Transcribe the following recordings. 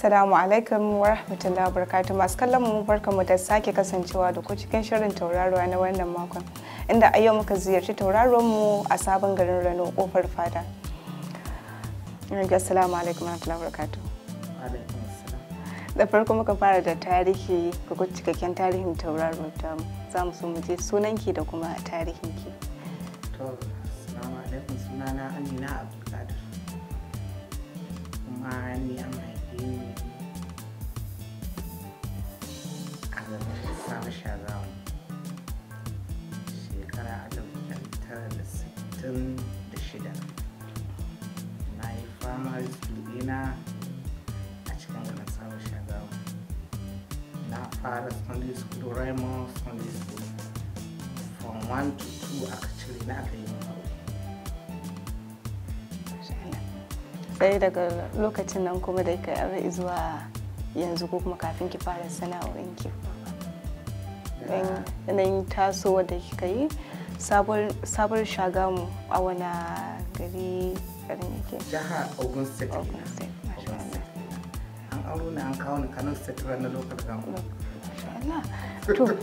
Assalamu alaikum wa rahmatullahi wa barakatuh masu kallon mu mu da sake kasancewa da ku cikin shirin tauraruwa na wannan makon inda a yau muka ziyarci tauraron mu a sabon garin Rano kofar fada. Assalamu alaikum wa rahmatullahi wa barakatuh. Da farko muka fara da tarihi ga cikakken tarihin tauraro ta za mu so mu je sunanki da kuma tarihinki. To, assalamu alaikum sunana Amina shida na yi farmers ɗina a cikin garin sabon shagawa na fara sunday school raymond sunday school from 1 to 2 aka cire na aka yi sai daga lokacin nan kuma da ka yi zuwa yanzu ko kuma kafin ki fara sana'o'in ki yanayin tasowa da kika yi sabon shagamu a wani gari garin yake jihar ogun state ogun state an auro ne an kawo ni kano state na local government to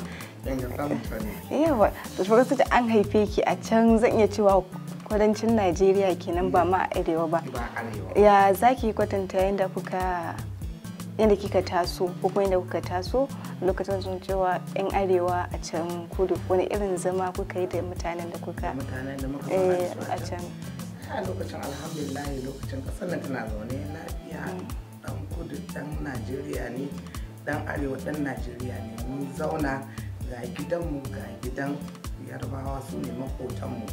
yawa to shi gaskiya an haife ki a can zan iya cewa kudancin najeriya kenan ba ma arewa ba ya zaki kwatanta yadda kuka yadda kika taso ko kuma yadda kuka taso lokacin sun cewa yan arewa a can kudu wani irin zama kuka yi da mutanen da kuka eh, a can a lokacin alhamdulillah lokacin kasar nan tana zaune lafiya dan mm. kudu dan najeriya ne dan arewa dan najeriya ne mun zauna ga gidanmu ga gidan yarbawa su ne makotanmu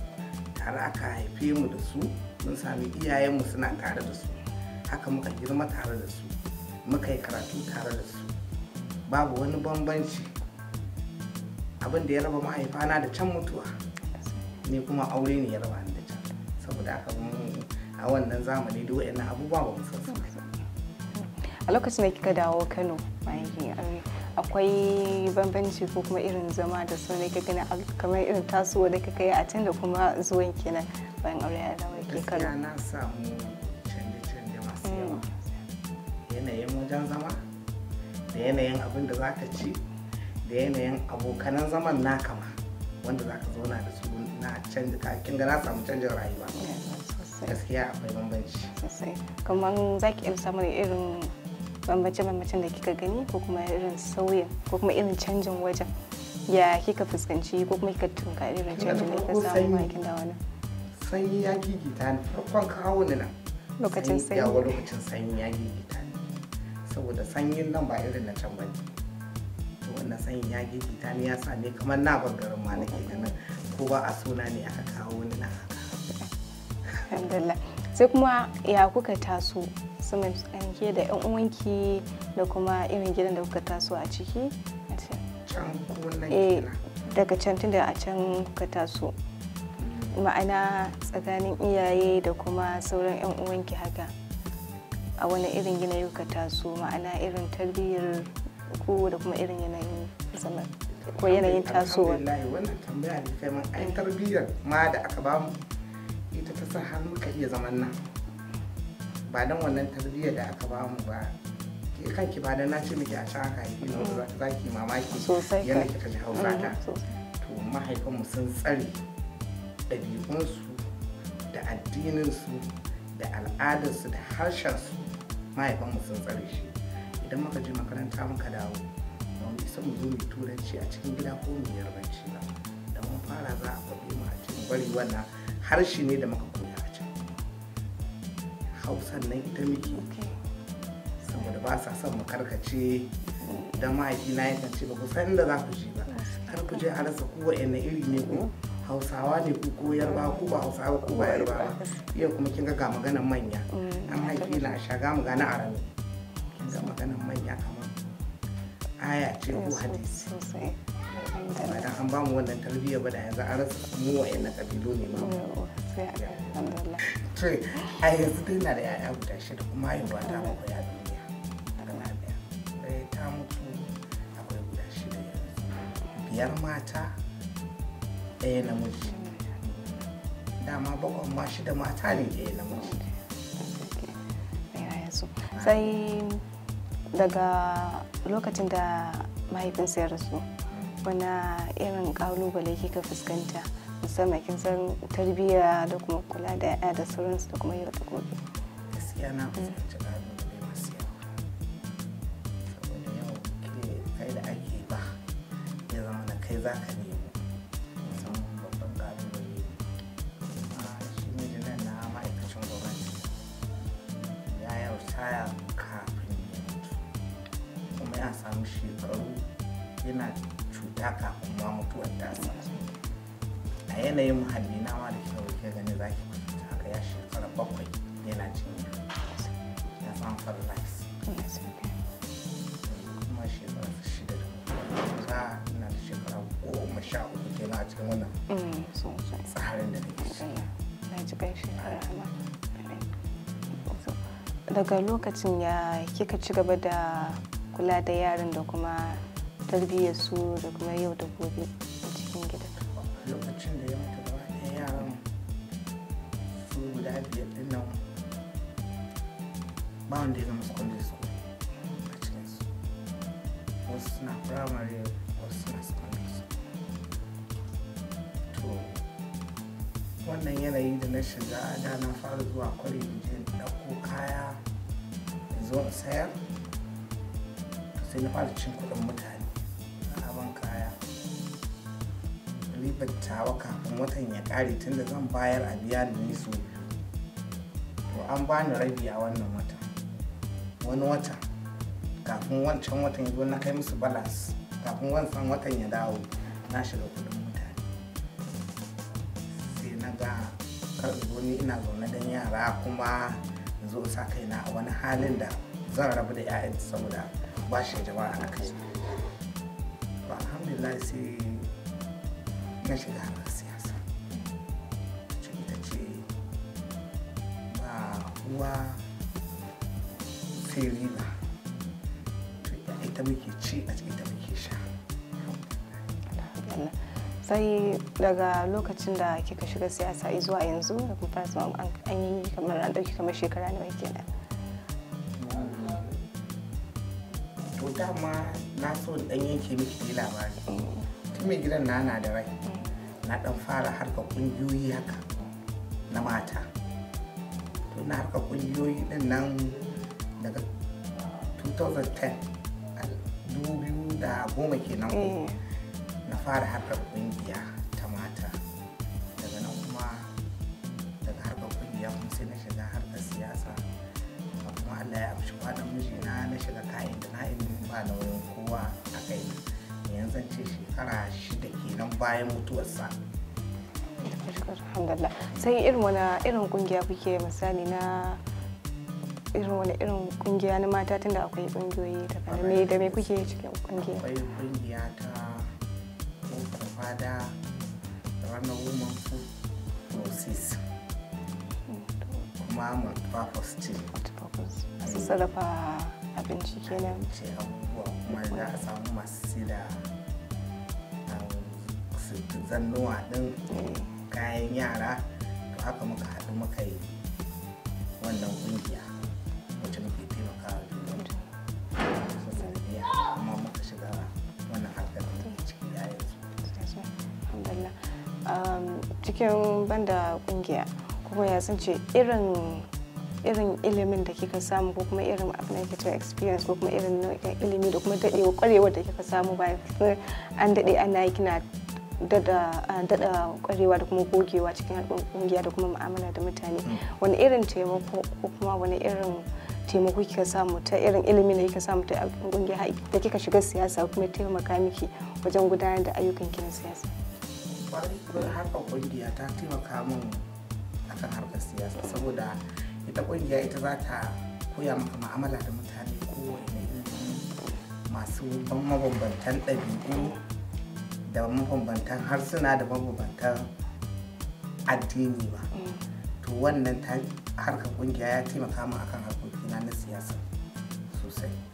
tare aka haife mu da su mun sami iyayenmu suna tare da su haka muka girma tare da su muka yi karatu tare da su babu wani bambanci abinda ya raba mahaifana da can mutuwa ne kuma aure ne ya raba da can saboda aka a wannan zamani da wa'in abubuwa ba musu a lokacin da kika dawo Kano bayan aure um, akwai bambanci ko kuma irin zama da su ka gani kamar irin tasowa da kaka yi a can da kuma zuwan kenan bayan aure ya dawo ke Kano na samu canje-canje masu yawa mm. yanayin wajen zama da yanayin abin da za ka ci da yanayin abokanan zaman na kama. wanda za ka zauna da su na canji kin ga na samu canjin rayuwa gaskiya akwai bambanci kamar za ki amsa samun irin bambance-bambancen da kika gani ko kuma irin sauyin ko kuma irin canjin wajen ya kika fuskanci ko kuma kika tunka irin canjin da kika samu makin da wani sanyi ya gigita ni farkon kawo ni nan lokacin sanyi yawa lokacin sanyi ya gigita saboda sanyin nan ba irin na can ba to wannan sanyin ya ta ne ya sa ne kamar na garin ma nake ganin ko ba a suna ne aka kawo ni na haka alhamdulillah sai kuma ya kuka taso su ke da yan uwanki da kuma irin gidan da kuka taso a ciki eh, daga can tun da a can kuka taso ma'ana tsakanin iyaye da kuma sauran yan uwanki haka a wani irin yanayi ka taso ma'ana irin tarbiyyar ko da kuma irin yanayin zaman ko yanayin tasowa alhamdulillah wannan tambaya ne kai man ai tarbiyyar ma da aka bamu ita ta sa har muka iya zaman nan ba dan wannan tarbiyyar da aka bamu ba ke kanki ba dan na ce miki a can aka haifi na wasu za ki mamaki Sosai yadda kika ji hausa ta mm-hmm, to mahaifanmu sun tsare ɗabi'unsu da addininsu da al'adarsu da harshensu mahaifanmu sun tsare shi idan muka je makaranta muka dawo ba mu isa mu zo mu turanci a cikin gida ko mu yarbanci ba da mun fara za a kwabe mu a cikin bari wannan harshe ne da muka koya a can hausan nan ita muke saboda ba sa son mu karkace da mahaifina ya kance ba ku san da za ku je ba kar ku je a rasa kowa iri ne ko hausawa ne ku ko yarba ko ba hausawa ko ba yarba ba iya kuma kinga ga ga maganan manya mm. an haifi na shaga mu gana arami kinga ga maganan manya kamar aya ce ko hadisi sosai da an bamu wannan tarbiyya ba da yanzu an rasa mu wa'annan kabilo ne ma to a yanzu dai na da yaya guda shida kuma haihuwa ta bakwai ya duniya tana daya ta mutu akwai guda shida biyar mata ɗaya namiji dama bakon ma shi da mata ne ɗaya namiji sai daga lokacin da mahaifinsa ya rasu wani irin kalubale kika fuskanta musamman kin san tarbiyya da kuma kula da ya da sauransu da kuma yau da gobe gaskiya na fuskanci kalubale masu yawa saboda yau ke kai da ake ba ya zama da kai za ka ne yana cuta kafin ma mutuwar tasa a yanayin muhalli na ma da kyau ke gani za ki kwanta haka ya shekara bakwai yana jinya ya san farlax kuma shekara shida da za ina da shekara goma sha uku kenan a cikin wannan mm, tsarin da mm, na ji nake ma. daga lokacin ya kika ci gaba da kula da yaran da kuma tarbiyyar su da kuma yau da gobe a cikin gida lokacin da ya mutu gaba ɗaya yaran su guda biyar din nan ba wanda ya zama secondary school a cikin su wasu suna primary wasu suna secondary to wannan yanayi da na shiga da na fara zuwa da ɗauko kaya zo sayar sai na fara cin kuɗin mutane ribar tawa kafin watan ya tun tunda zan bayar a biya da nisu to an bani rabi a wannan wata wani wata kafin wancan watan yi na kai musu balas kafin wancan watan ya dawo na shiga kudin mutane sai na ga karɓo ni ina zaune don yara kuma zo sa kaina a wani halin da zan rabu da 'ya'yan saboda ba shi jama'a na kai alhamdulillah sai na shiga harkar siyasa cikin da ce ba ruwa sai riba ita muke ci a ita muke sha sai daga lokacin da kika shiga siyasa zuwa yanzu da kuma fara zama an yi kamar an ɗauki kamar shekara nawa kenan to dama na so in ɗan yanke miki labari mm. mai gidan na na da rai na dan fara harka kungiyoyi haka na mata to na harka kungiyoyi din nan daga 2010 2010 kenan eh. na fara harkar kungiya bayan mutuwarsa sai irin wani irin kungiya kuke misali na irin wani irin kungiya na mata tunda akwai kungiyoyi ta me da mai kuke cikin kungiya akwai kungiya ta fada ranar woman food process kuma multipurpose ce su sarrafa abinci kenan ce abubuwa kuma za a samu masu sida zannuwa din kayan yara to haka muka haɗu muka yi wannan ƙungiya wacce muke taimakawa duniya sosai kuma muka shiga wannan harkar da muke ciki a yanzu cikin banda ƙungiya kuma ya sun ce irin irin ilimin da kika samu ko kuma irin abin da kika experience ko kuma irin nau'in ilimi da kuma daɗewa ƙwarewar da kika samu bayan an daɗe ana yi kina daɗa ƙwarewa ah, da kuma gogewa cikin harkar ƙungiya da kuma mu'amala da mutane mm. wani irin taimako ko kuma wani irin taimako kika samu ta irin ilimi da kika samu ta ƙungiya da kika shiga siyasa kuma taimaka miki wajen gudanar da ayyukan ki siyasa. Ƙwarewa harkar ƙungiya ta taimaka min akan harkar siyasa saboda ita ƙungiya ita za ta koya maka mu'amala da mutane kowane masu mabambantan ɗabi'u da mabambantan harsuna da mabambantan addini ba mm. to wannan harkar kungiya ya taimaka mu akan harkokina na siyasa sosai